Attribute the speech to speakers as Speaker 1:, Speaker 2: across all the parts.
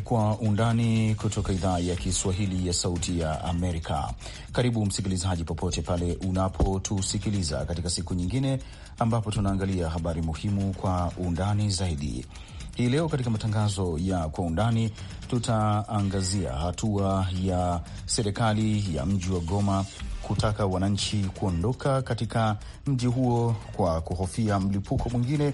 Speaker 1: ni Kwa Undani kutoka idhaa ya Kiswahili ya Sauti ya Amerika. Karibu msikilizaji, popote pale unapotusikiliza katika siku nyingine ambapo tunaangalia habari muhimu kwa undani zaidi. Hii leo katika matangazo ya Kwa Undani tutaangazia hatua ya serikali ya mji wa Goma kutaka wananchi kuondoka katika mji huo kwa kuhofia mlipuko mwingine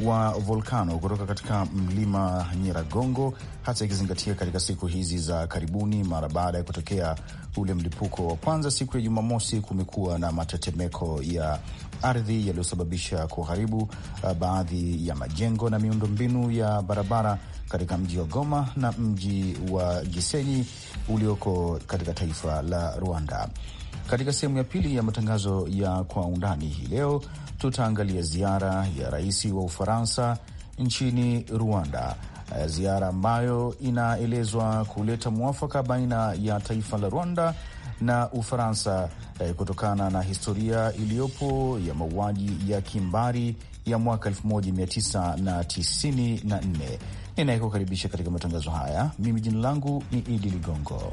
Speaker 1: wa volkano kutoka katika mlima Nyiragongo, hasa ikizingatia katika siku hizi za karibuni, mara baada ya kutokea ule mlipuko wa kwanza siku ya Jumamosi, kumekuwa na matetemeko ya ardhi yaliyosababisha kuharibu uh, baadhi ya majengo na miundombinu ya barabara katika mji wa Goma na mji wa Gisenyi ulioko katika taifa la Rwanda. Katika sehemu ya pili ya matangazo ya kwa undani hii leo tutaangalia ziara ya rais wa Ufaransa nchini Rwanda, eh, ziara ambayo inaelezwa kuleta mwafaka baina ya taifa la Rwanda na Ufaransa eh, kutokana na historia iliyopo ya mauaji ya kimbari ya mwaka 1994. Ninayekukaribisha katika matangazo haya mimi, jina langu ni Idi Ligongo.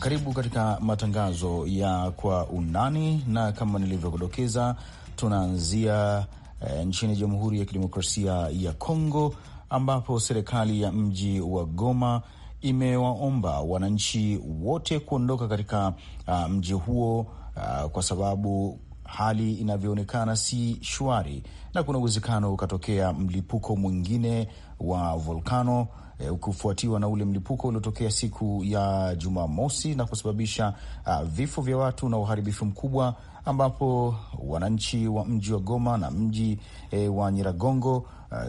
Speaker 1: Karibu katika matangazo ya kwa undani, na kama nilivyokudokeza, tunaanzia e, nchini Jamhuri ya Kidemokrasia ya congo ambapo serikali ya mji wa Goma imewaomba wananchi wote kuondoka katika uh, mji huo uh, kwa sababu hali inavyoonekana si shwari na kuna uwezekano ukatokea mlipuko mwingine wa volkano e, ukifuatiwa na ule mlipuko uliotokea siku ya Jumamosi na kusababisha uh, vifo vya watu na uharibifu mkubwa ambapo wananchi wa mji wa Goma na mji e, wa Nyiragongo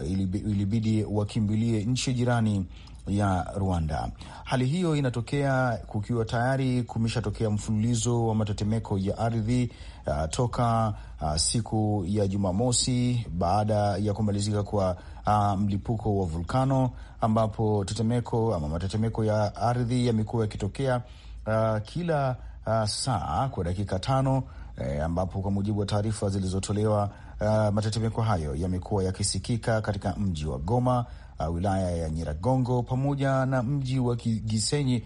Speaker 1: uh, ilibidi wakimbilie nchi jirani ya Rwanda. Hali hiyo inatokea kukiwa tayari kumeshatokea mfululizo wa matetemeko ya ardhi uh, toka uh, siku ya Jumamosi baada ya kumalizika kwa uh, mlipuko wa vulkano ambapo tetemeko ama matetemeko ya ardhi yamekuwa yakitokea uh, kila uh, saa kwa dakika tano eh, ambapo kwa mujibu wa taarifa zilizotolewa uh, matetemeko hayo yamekuwa yakisikika katika mji wa Goma, uh, wilaya ya Nyiragongo pamoja na mji wa Gisenyi,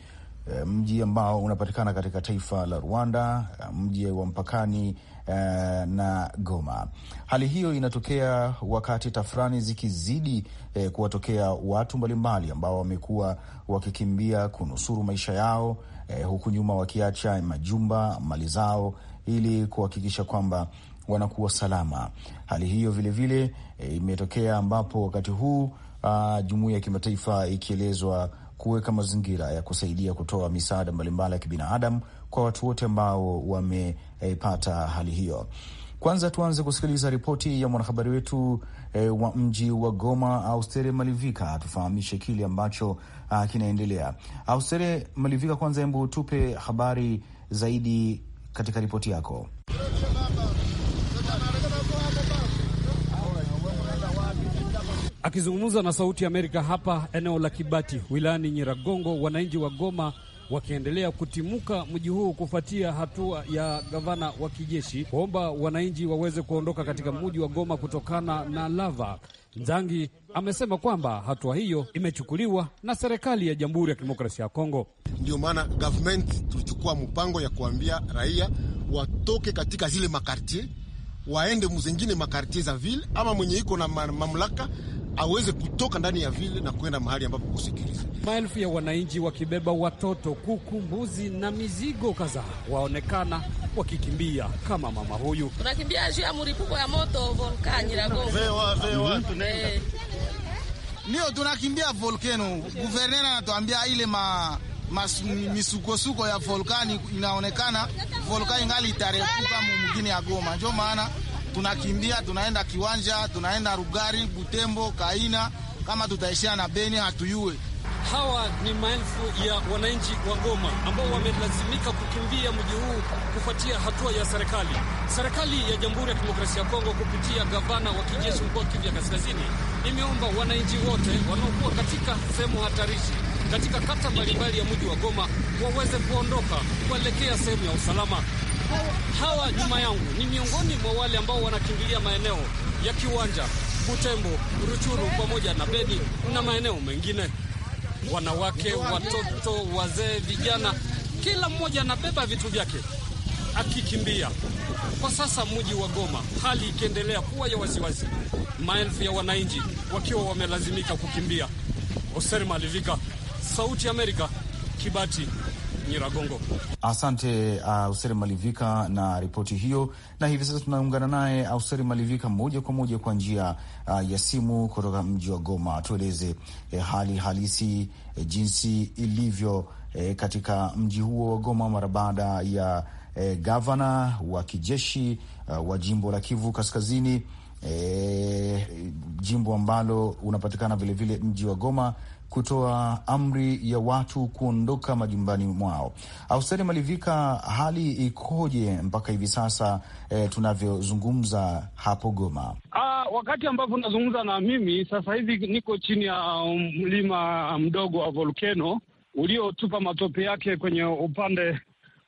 Speaker 1: eh, mji ambao unapatikana katika taifa la Rwanda, mji wa mpakani Eh, na Goma. Hali hiyo inatokea wakati tafrani zikizidi eh, kuwatokea watu mbalimbali ambao wamekuwa wakikimbia kunusuru maisha yao eh, huku nyuma wakiacha majumba, mali zao ili kuhakikisha kwamba wanakuwa salama. Hali hiyo vilevile vile, e, imetokea ambapo wakati huu ah, jumuiya ya kimataifa ikielezwa kuweka mazingira ya kusaidia kutoa misaada mbalimbali ya kibinadamu kwa watu wote ambao wamepata hali hiyo. Kwanza tuanze kusikiliza ripoti ya mwanahabari wetu e, wa mji wa Goma, Austere Malivika atufahamishe kile ambacho a, ah, kinaendelea. Austere Malivika, kwanza hebu tupe habari zaidi katika ripoti yako. Akizungumza na Sauti ya Amerika
Speaker 2: hapa eneo la Kibati wilayani Nyiragongo, wananchi wa Goma wakiendelea kutimuka mji huu kufuatia hatua ya gavana wa kijeshi kuomba wananchi waweze kuondoka katika mji wa Goma kutokana na lava. Nzangi amesema kwamba hatua hiyo imechukuliwa na serikali ya Jamhuri ya Kidemokrasia ya Kongo. Ndio maana government tulichukua mpango ya kuambia raia watoke katika zile makartie waende mzengine makartie za vile, ama mwenye iko na mamlaka aweze kutoka ndani ya vile na kwenda mahali ambapo kusikiliza. Maelfu ya wananchi wakibeba watoto, kuku, mbuzi na mizigo kadhaa waonekana wakikimbia kama mama huyu. Tunakimbia juu ya mlipuko
Speaker 1: ya
Speaker 3: moto volkani Nyiragongo. Vewa, vewa, mm-hmm. eh.
Speaker 1: Ndio tunakimbia volkano. guverner anatuambia ile ma misukosuko ya volkani inaonekana volkani ngali itarefuka mwingine ya Goma. Ndio maana tunakimbia tunaenda Kiwanja, tunaenda Rugari, Butembo, Kaina, kama tutaishia na Beni hatuyue.
Speaker 2: Hawa ni maelfu ya wananchi wa Goma ambao wamelazimika kukimbia mji huu kufuatia hatua ya serikali. Serikali ya Jamhuri ya Kidemokrasia ya Kongo kupitia gavana wa kijeshi mkoa wa Kivu Kaskazini imeomba wananchi wote wanaokuwa katika sehemu hatarishi katika kata mbalimbali ya mji wa Goma waweze kuondoka kuelekea sehemu ya usalama nyuma yangu ni miongoni mwa wale ambao wanakimbilia maeneo ya Kiwanja, Butembo, Ruchuru pamoja na Beni na maeneo mengine. Wanawake, watoto, wazee, vijana, kila mmoja anabeba vitu vyake akikimbia. Kwa sasa mji wa Goma, hali ikiendelea kuwa ya wasiwasi, maelfu ya wananchi wakiwa wamelazimika kukimbia. Oser Malivika, Sauti Amerika, Kibati. Nyiragongo.
Speaker 1: Asante uh, Malivika na ripoti hiyo. Na hivi sasa tunaungana naye Auseri Malivika moja kwa moja kwa njia uh, ya simu kutoka mji wa Goma. Tueleze eh, hali halisi eh, jinsi ilivyo eh, katika mji huo wa Goma mara baada ya eh, gavana wa kijeshi uh, wa jimbo la Kivu Kaskazini, eh, jimbo ambalo unapatikana vilevile mji wa Goma kutoa amri ya watu kuondoka majumbani mwao. Austeri Malivika, hali ikoje mpaka hivi sasa eh, tunavyozungumza hapo Goma?
Speaker 4: Aa, ah, wakati ambapo nazungumza na mimi sasa hivi niko chini ya um, mlima mdogo wa volkeno uliotupa matope yake kwenye upande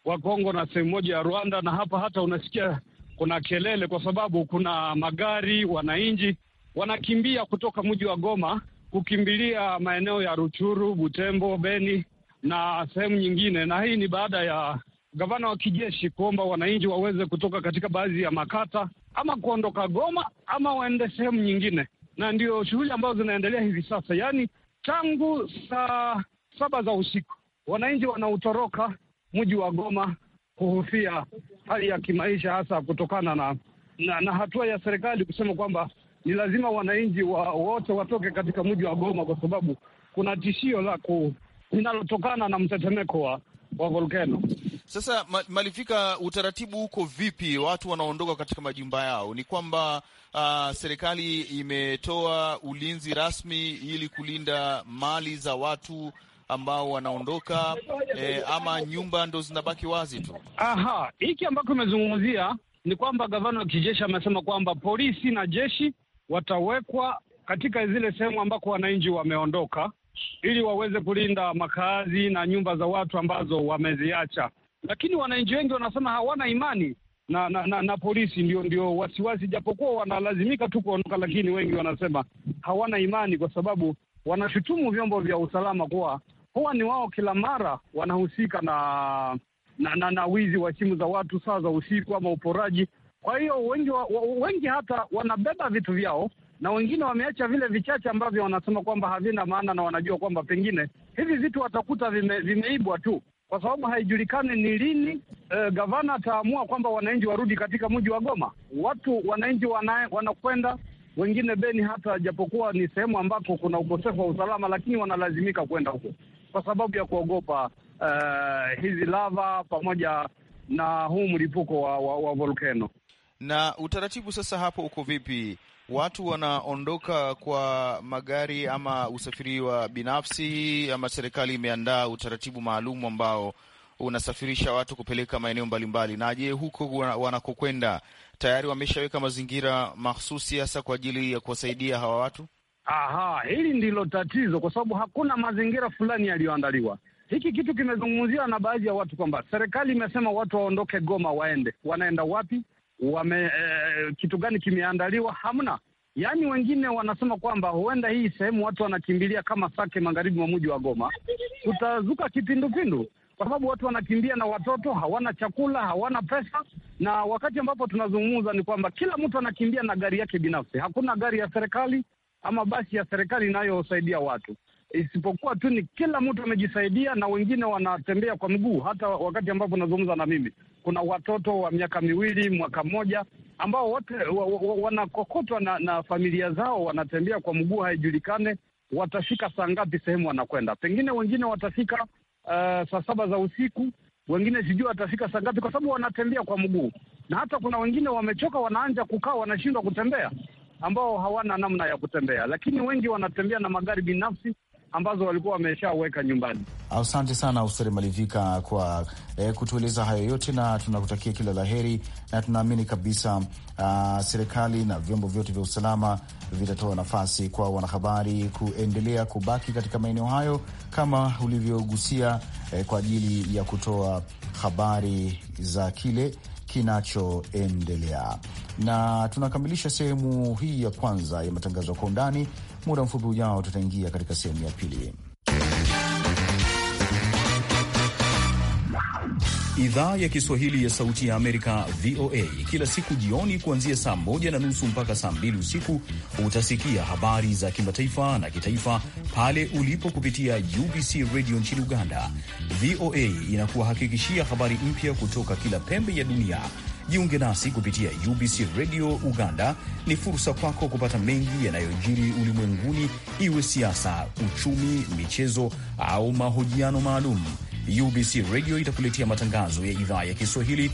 Speaker 4: wa Kongo na sehemu moja ya Rwanda, na hapa hata unasikia kuna kelele kwa sababu kuna magari, wananchi wanakimbia kutoka mji wa Goma kukimbilia maeneo ya Ruchuru, Butembo, Beni na sehemu nyingine, na hii ni baada ya gavana wa kijeshi kuomba wananchi waweze kutoka katika baadhi ya makata ama kuondoka Goma ama waende sehemu nyingine, na ndio shughuli ambazo zinaendelea hivi sasa, yaani tangu saa saba za usiku wananchi wanautoroka mji wa Goma kuhofia hali ya kimaisha, hasa kutokana na, na, na hatua ya serikali kusema kwamba ni lazima wananchi wa, wote watoke katika mji wa Goma kwa sababu kuna tishio la ku linalotokana na mtetemeko wa wa volkano.
Speaker 1: Sasa malifika, utaratibu huko vipi? Watu wanaondoka katika majumba yao, ni kwamba uh, serikali imetoa ulinzi rasmi ili kulinda mali za watu ambao wanaondoka eh, ama nyumba ndo zinabaki wazi tu.
Speaker 4: Aha, hiki ambako imezungumzia ni kwamba gavana wa kijeshi amesema kwamba polisi na jeshi watawekwa katika zile sehemu ambako wananchi wameondoka ili waweze kulinda makazi na nyumba za watu ambazo wameziacha, lakini wananchi wengi wanasema hawana imani na na, na, na polisi. Ndio, ndio wasiwasi, japokuwa wanalazimika tu kuondoka, lakini wengi wanasema hawana imani kwa sababu wanashutumu vyombo vya usalama kuwa huwa ni wao kila mara wanahusika na na, na na wizi wa simu za watu saa za usiku ama uporaji kwa hiyo wengi, wa, wengi hata wanabeba vitu vyao na wengine wameacha vile vichache ambavyo wanasema kwamba havina maana, na wanajua kwamba pengine hivi vitu watakuta vime, vimeibwa tu, kwa sababu haijulikani ni lini eh, gavana ataamua kwamba wananchi warudi katika mji wa Goma. Watu wananchi wanakwenda wengine Beni, hata japokuwa ni sehemu ambako kuna ukosefu wa usalama, lakini wanalazimika kwenda huko kwa sababu ya kuogopa eh, hizi lava pamoja na huu mlipuko wa, wa, wa volcano.
Speaker 1: Na utaratibu sasa hapo uko vipi? Watu wanaondoka kwa magari ama usafiri wa binafsi, ama serikali imeandaa utaratibu maalum ambao unasafirisha watu kupeleka maeneo mbalimbali? Na je, huko wanakokwenda tayari wameshaweka mazingira mahsusi hasa kwa ajili ya kuwasaidia hawa watu? Aha, hili ndilo tatizo,
Speaker 4: kwa sababu hakuna mazingira fulani yaliyoandaliwa. Hiki kitu kimezungumziwa na baadhi ya watu kwamba serikali imesema watu waondoke Goma, waende. Wanaenda wapi? wame eh, kitu gani kimeandaliwa? Hamna. Yaani wengine wanasema kwamba huenda hii sehemu watu wanakimbilia kama Sake, magharibi mwa mji wa Goma, kutazuka kipindupindu kwa sababu watu wanakimbia na watoto hawana chakula, hawana pesa. Na wakati ambapo tunazungumza ni kwamba kila mtu anakimbia na gari yake binafsi, hakuna gari ya serikali ama basi ya serikali inayosaidia watu isipokuwa tu ni kila mtu amejisaidia, na wengine wanatembea kwa mguu. Hata wakati ambapo nazungumza na mimi, kuna watoto wa miaka miwili, mwaka mmoja, ambao wote wa, wa, wa, wanakokotwa na, na familia zao, wanatembea kwa mguu, haijulikane watafika saa ngapi sehemu wanakwenda. Pengine wengine watafika uh, eh, saa saba za usiku, wengine sijui watafika saa ngapi, kwa sababu wanatembea kwa mguu. Na hata kuna wengine wamechoka, wanaanja kukaa, wanashindwa kutembea, ambao hawana namna ya kutembea, lakini wengi wanatembea na magari binafsi ambazo walikuwa wameshaweka nyumbani.
Speaker 1: Asante sana austeri Malivika kwa eh, kutueleza hayo yote, na tunakutakia kila la heri, na tunaamini kabisa uh, serikali na vyombo vyote vya usalama vitatoa nafasi kwa wanahabari kuendelea kubaki katika maeneo hayo kama ulivyogusia, eh, kwa ajili ya kutoa habari za kile kinachoendelea. Na tunakamilisha sehemu hii ya kwanza ya matangazo ya kwa undani. Muda mfupi ujao tutaingia katika sehemu ya pili. Idhaa ya Kiswahili ya Sauti ya Amerika, VOA, kila siku jioni kuanzia saa moja na nusu mpaka saa mbili usiku utasikia habari za kimataifa na kitaifa pale ulipo kupitia UBC Radio nchini Uganda. VOA inakuwahakikishia habari mpya kutoka kila pembe ya dunia Jiunge nasi kupitia UBC Radio Uganda. Ni fursa kwako kupata mengi yanayojiri ulimwenguni, iwe siasa, uchumi, michezo au mahojiano maalum. UBC Radio itakuletea matangazo ya idhaa ya Kiswahili.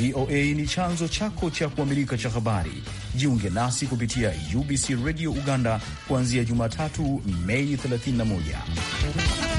Speaker 1: VOA ni chanzo chako cha kuamilika cha habari. Jiunge nasi kupitia UBC Radio Uganda kuanzia Jumatatu, Mei 31.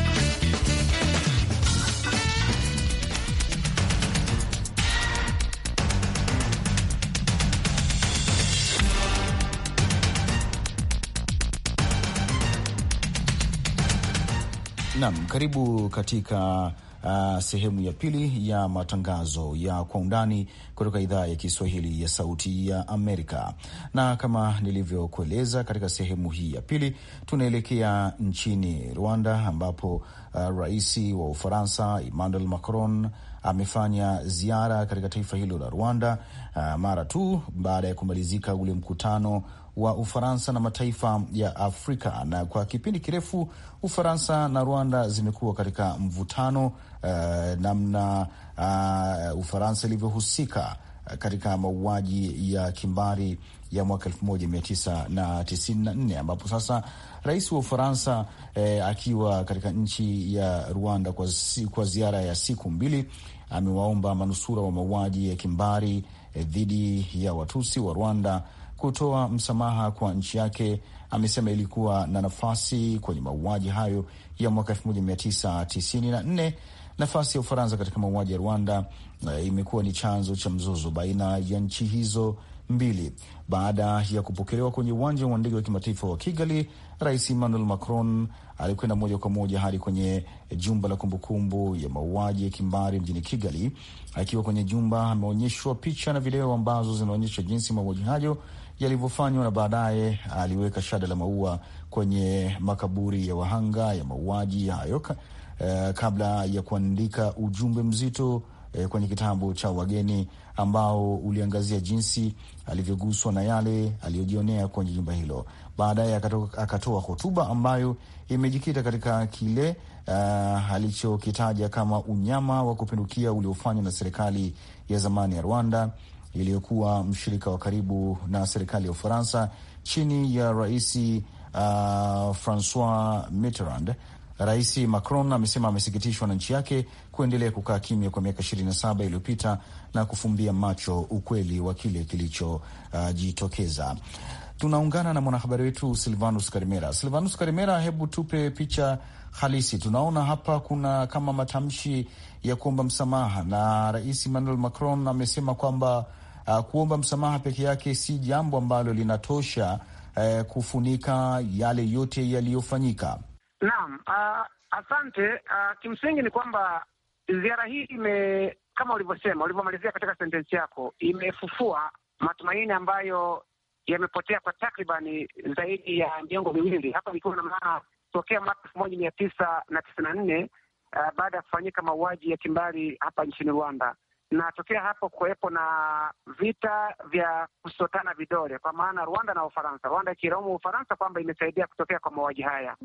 Speaker 1: Naam, karibu katika Uh, sehemu ya pili ya matangazo ya kwa undani kutoka idhaa ya Kiswahili ya Sauti ya Amerika. Na kama nilivyokueleza katika sehemu hii ya pili, tunaelekea nchini Rwanda ambapo uh, rais wa Ufaransa Emmanuel Macron amefanya ziara katika taifa hilo la Rwanda uh, mara tu baada ya kumalizika ule mkutano wa Ufaransa na mataifa ya Afrika. Na kwa kipindi kirefu Ufaransa na Rwanda zimekuwa katika mvutano uh, namna uh, Ufaransa ilivyohusika katika mauaji ya kimbari ya mwaka nne ambapo sasa rais wa Ufaransa eh, akiwa katika nchi ya Rwanda kwa, zi, kwa ziara ya siku mbili amewaomba manusura wa mauaji ya kimbari eh, dhidi ya Watusi wa Rwanda kutoa msamaha kwa nchi yake. Amesema ilikuwa na nafasi kwenye mauaji hayo ya mwaka 1994 nafasi ya Ufaransa katika mauaji ya Rwanda uh, imekuwa ni chanzo cha mzozo baina ya nchi hizo mbili. Baada ya kupokelewa kwenye uwanja wa ndege wa kimataifa wa Kigali Rais Emmanuel Macron alikwenda moja kwa moja hadi kwenye jumba la kumbukumbu ya mauaji ya kimbari mjini Kigali. Akiwa kwenye jumba, ameonyeshwa picha na video ambazo zinaonyesha jinsi mauaji hayo yalivyofanywa, na baadaye aliweka shada la maua kwenye makaburi ya wahanga ya mauaji hayo, uh, kabla ya kuandika ujumbe mzito eh, kwenye kitabu cha wageni ambao uliangazia jinsi alivyoguswa na yale aliyojionea kwenye jumba hilo. Baadaye akatoa hotuba ambayo imejikita katika kile uh, alichokitaja kama unyama wa kupindukia uliofanywa na serikali ya zamani ya Rwanda iliyokuwa mshirika wa karibu na serikali ya Ufaransa chini ya rais uh, Francois Mitterrand Rais Macron amesema amesikitishwa na nchi yake kuendelea kukaa kimya kwa miaka 27 iliyopita na kufumbia macho ukweli wa kile kilichojitokeza. Uh, tunaungana na mwanahabari wetu Silvanus Karimera. Silvanus Karimera, hebu tupe picha halisi. Tunaona hapa kuna kama matamshi ya kuomba msamaha, na Rais Emmanuel Macron amesema kwamba uh, kuomba msamaha peke yake si jambo ambalo linatosha uh, kufunika yale yote yaliyofanyika.
Speaker 5: Naam, uh, asante. Uh, kimsingi ni kwamba ziara hii ime kama ulivyosema ulivyomalizia katika sentensi yako, imefufua matumaini ambayo yamepotea kwa takribani zaidi ya miongo miwili, hapa ikiwa na maana tokea mwaka elfu moja mia tisa na tisini na nne uh, baada ya kufanyika mauaji ya kimbari hapa nchini Rwanda na tokea hapo kuwepo na vita vya kusotana vidole, kwa maana Rwanda na Ufaransa, Rwanda ikilaumu Ufaransa kwamba imesaidia kutokea kwa mauaji haya.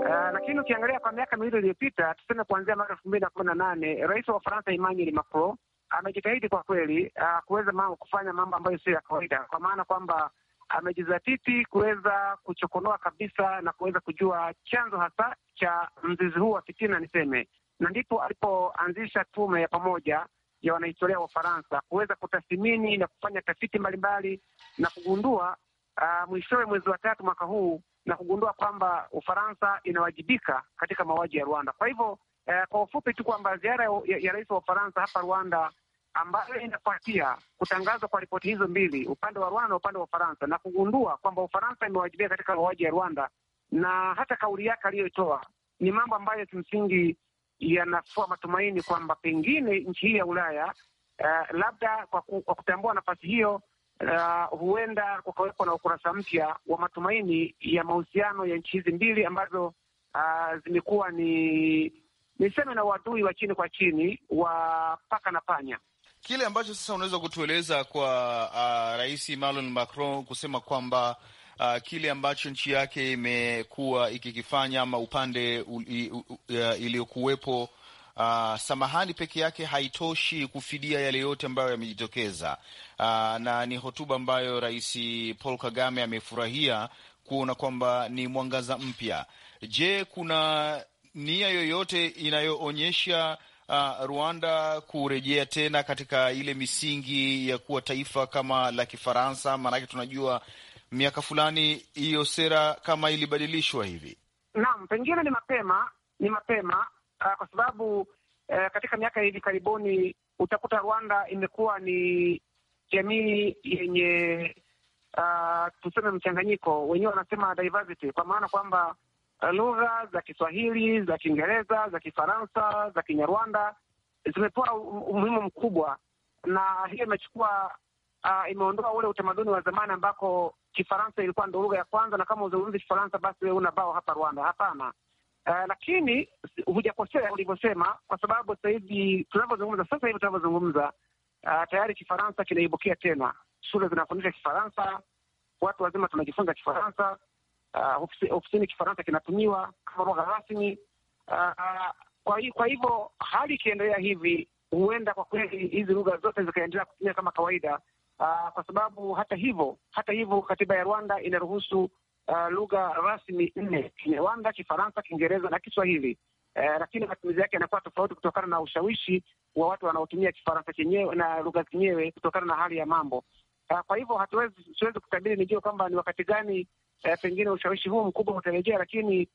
Speaker 5: Uh, lakini ukiangalia kwa miaka miwili iliyopita, tuseme kuanzia mwaka elfu mbili na kumi na nane rais wa Ufaransa Emmanuel Macron amejitahidi kwa kweli uh, kuweza mambo, kufanya mambo ambayo sio ya kawaida, kwa maana kwamba amejizatiti kuweza kuchokonoa kabisa na kuweza kujua chanzo hasa cha mzizi huu wa fitina niseme, na ndipo alipoanzisha tume ya pamoja ya wanahistoria wa Ufaransa kuweza kutathimini na kufanya tafiti mbalimbali na kugundua uh, mwishowe mwezi wa tatu mwaka huu na kugundua kwamba Ufaransa inawajibika katika mauaji ya Rwanda. Kwa hivyo uh, kwa ufupi tu kwamba ziara ya, ya rais wa Ufaransa hapa Rwanda ambayo inafuatia kutangazwa kwa ripoti hizo mbili, upande wa Rwanda na upande wa Ufaransa, na kugundua kwamba Ufaransa imewajibika katika mauaji ya Rwanda, na hata kauli yake aliyoitoa ni mambo ambayo kimsingi yanafua matumaini kwamba pengine nchi hii ya Ulaya uh, labda kwa, ku, kwa kutambua nafasi hiyo uh, huenda kukawekwa na ukurasa mpya wa matumaini ya mahusiano ya nchi hizi mbili ambazo uh, zimekuwa ni niseme na uadui wa chini kwa chini wa paka na panya.
Speaker 1: Kile ambacho sasa unaweza kutueleza kwa uh, Rais Emmanuel Macron kusema kwamba uh, kile ambacho nchi yake imekuwa ikikifanya ama upande iliyokuwepo Uh, samahani peke yake haitoshi kufidia yale yote ambayo yamejitokeza. Uh, na ni hotuba ambayo Rais Paul Kagame amefurahia kuona kwamba ni mwangaza mpya. Je, kuna nia yoyote inayoonyesha uh, Rwanda kurejea tena katika ile misingi ya kuwa taifa kama la Kifaransa? Maanake tunajua miaka fulani hiyo sera kama ilibadilishwa hivi?
Speaker 5: Naam, pengine ni mapema, ni mapema uh, kwa sababu uh, katika miaka hivi karibuni utakuta Rwanda imekuwa ni jamii yenye uh, tuseme mchanganyiko, wenyewe wanasema diversity, kwa maana kwamba ah, lugha za Kiswahili, za Kiingereza, za Kifaransa, za Kinyarwanda zimepewa umuhimu mkubwa, na hiyo imechukua uh, imeondoa ule utamaduni wa zamani ambako Kifaransa ilikuwa ndo lugha ya kwanza, na kama uzungumzi Kifaransa basi wewe una bao hapa Rwanda. Hapana. Uh, lakini hujakosea ulivyosema, kwa sababu sasa hivi tunavyozungumza, sasa hivi tunavyozungumza, uh, tayari Kifaransa kinaibukia tena, shule zinafundisha Kifaransa, watu wazima tunajifunza Kifaransa, uh, ofisini Kifaransa kinatumiwa kama lugha rasmi. Uh, kwa, kwa hivyo hali ikiendelea hivi, huenda kwa kweli hizi lugha zote zikaendelea kutumia kama kawaida, uh, kwa sababu hata hivyo hata hivyo katiba ya Rwanda inaruhusu uh, lugha rasmi nne: Kinyarwanda, Kifaransa, Kiingereza na Kiswahili. Uh, lakini matumizi yake yanakuwa tofauti kutokana na ushawishi wa watu wanaotumia Kifaransa chenyewe na lugha zenyewe kutokana na hali ya mambo. Uh, kwa hivyo hatuwezi siwezi kutabiri nijue kwamba ni wakati gani uh, pengine ushawishi huu mkubwa utarejea, lakini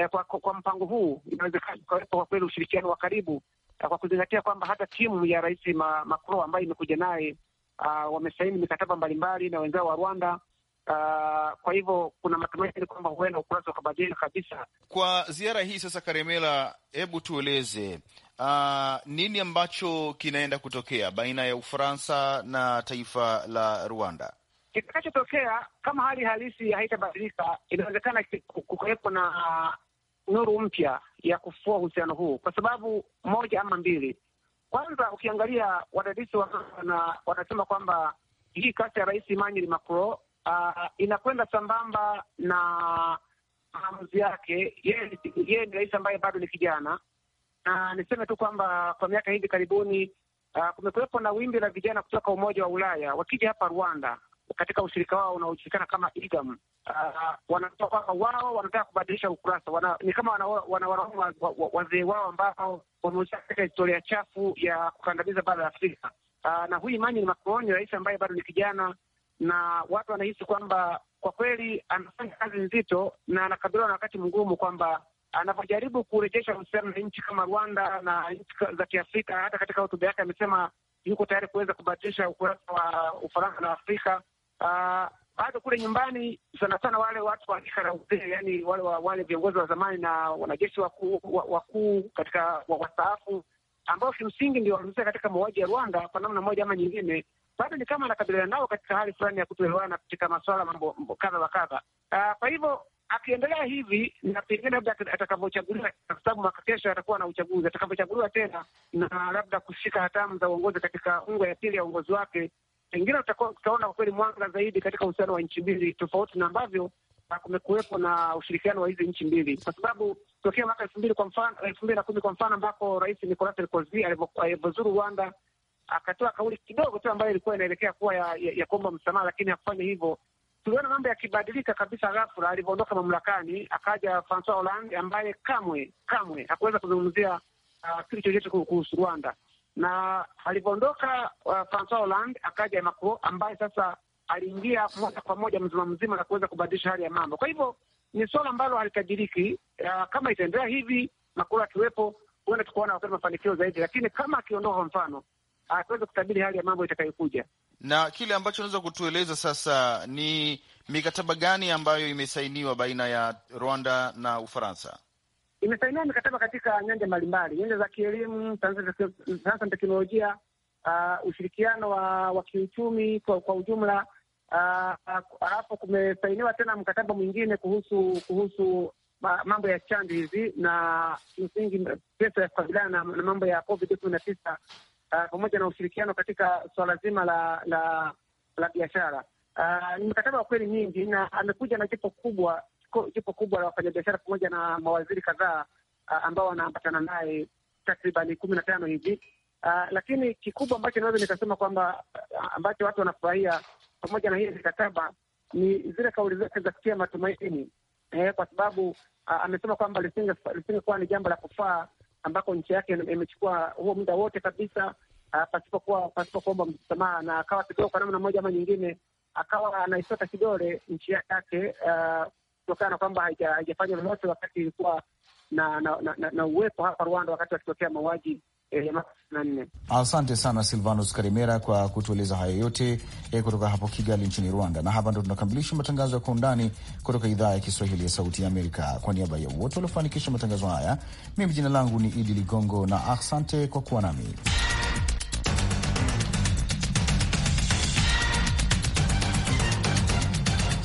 Speaker 5: uh, kwa, kwa, kwa mpango huu inawezekana ukawepo kwa kweli ushirikiano wa karibu uh, kwa kuzingatia kwamba hata timu ya Rais Macron ambayo imekuja naye uh, wamesaini mikataba mbalimbali na wenzao wa Rwanda. Uh, kwa hivyo kuna matumaini kwamba huenda ukurasa ukabadilika kabisa
Speaker 1: kwa ziara hii. Sasa Karemela, hebu tueleze uh, nini ambacho kinaenda kutokea baina ya Ufaransa na taifa la Rwanda?
Speaker 5: Kitakachotokea kama hali halisi haitabadilika, inawezekana kukawepo na uh, nuru mpya ya kufua uhusiano huu, kwa sababu moja ama mbili. Kwanza ukiangalia wadadisi wana, wanasema kwamba hii kasi ya Rais Emmanuel Macron uh, inakwenda sambamba na maamuzi yake. Yeye ni rais ambaye bado ni kijana, na niseme tu kwamba kwa miaka hivi karibuni uh, kumekuwepo na wimbi la vijana kutoka Umoja wa Ulaya wakija hapa Rwanda katika ushirika wao unaojulikana kama IGAM. Uh, ah, wanatoa kwamba wao wanataka kubadilisha ukurasa, wana, ni kama wanaume wana, wana, wa, wa, wazee wao ambao wameusia katika historia chafu ya kukandamiza bara la Afrika. Uh, na huyu Emmanuel Macron ni rais ambaye bado ni kijana na watu wanahisi kwamba kwa kweli anafanya kazi nzito na anakabiliwa na wakati mgumu, kwamba anapojaribu kurejesha uhusiano na nchi kama Rwanda na nchi za Kiafrika. Hata katika hotuba yake amesema yuko tayari kuweza kubadilisha ukurasa wa Ufaransa na Afrika bado ah, kule nyumbani sana sana wale watu wa kikarauzee, yani wale wale viongozi wa zamani na wanajeshi wakuu wakuu katika wastaafu ambao kimsingi ndio walihusika katika mauaji ya Rwanda kwa namna moja ama nyingine, bado ni kama anakabiliana nao katika hali fulani ya kutoelewana katika masuala mambo kadha wa kadha. Ah, kwa hivyo akiendelea hivi na pengine labda atakapochaguliwa, kwa sababu mwaka kesho atakuwa na uchaguzi, atakapochaguliwa tena na labda kushika hatamu za uongozi katika ungo ya pili ya uongozi wake, pengine tutaona kwa kweli mwanga zaidi katika uhusiano wa nchi mbili, tofauti na ambavyo ah, kumekuwepo na ushirikiano wa hizi nchi mbili, kwa sababu tokea mwaka elfu mbili kwa mfano, elfu mbili na kumi kwa mfano, ambapo Rais Nicolas Sarkozy alivyozuru Rwanda akatoa kauli kidogo tu ambayo ilikuwa inaelekea kuwa ya, ya, ya kuomba msamaha, lakini hakufanya hivyo. Tuliona mambo yakibadilika kabisa ghafla alivyoondoka mamlakani, akaja Francois Hollande ambaye kamwe kamwe hakuweza kuzungumzia uh, ah, kitu chochote kuhusu Rwanda na alivyoondoka uh, Francois Hollande akaja Macron ambaye sasa aliingia moja kwa moja mzima mzima na kuweza kubadilisha hali ya mambo. Kwa hivyo ni suala ambalo halikadiriki. Uh, kama itaendelea hivi Macron akiwepo, huenda tukaona wakati mafanikio zaidi, lakini kama akiondoka, kwa mfano aweze kutabiri hali ya mambo itakayokuja.
Speaker 1: Na kile ambacho unaweza kutueleza sasa ni mikataba gani ambayo imesainiwa baina ya Rwanda na Ufaransa?
Speaker 5: imesainia mikataba katika nyanja mbalimbali, nyanja za kielimu, sayansi na teknolojia, uh, ushirikiano wa, wa kiuchumi kwa, kwa ujumla. Ah, ah, halafu uh, kumesainiwa tena mkataba mwingine kuhusu kuhusu mambo ya chanjo hizi na kimsingi pesa ya kukabiliana na, na mambo ya Covid kumi na tisa uh, pamoja na ushirikiano katika suala zima la la, la biashara. Ni uh, mkataba wa kweli nyingi, na amekuja na jopo kubwa jopo kubwa la wafanyabiashara pamoja na mawaziri kadhaa ambao wanaambatana naye takriban kumi na tano hivi. Uh, lakini kikubwa ambacho naweza nikasema kwamba ambacho watu wanafurahia pamoja na hii mikataba ni zile kauli zake za kutia matumaini eh, kwa sababu uh, amesema kwamba lisingekuwa ni jambo la kufaa ambako nchi yake imechukua huo muda wote kabisa uh, pasipokuwa pasipo msamaha, na akawa kidogo kwa namna moja ama nyingine akawa anaisota kidole nchi yake uh, kutokana na kwamba haijafanya lolote wakati ilikuwa na na, na na uwepo hapa Rwanda wakati wakitokea mauaji eh,
Speaker 1: Asante sana Silvanus Karimera kwa kutueleza hayo yote eh, kutoka hapo Kigali nchini Rwanda. Na hapa ndo tunakamilisha matangazo ya Kwa Undani kutoka idhaa ya Kiswahili ya Sauti ya Amerika. Kwa niaba ya wote waliofanikisha matangazo haya, mimi jina langu ni Idi Ligongo na asante kwa kuwa nami.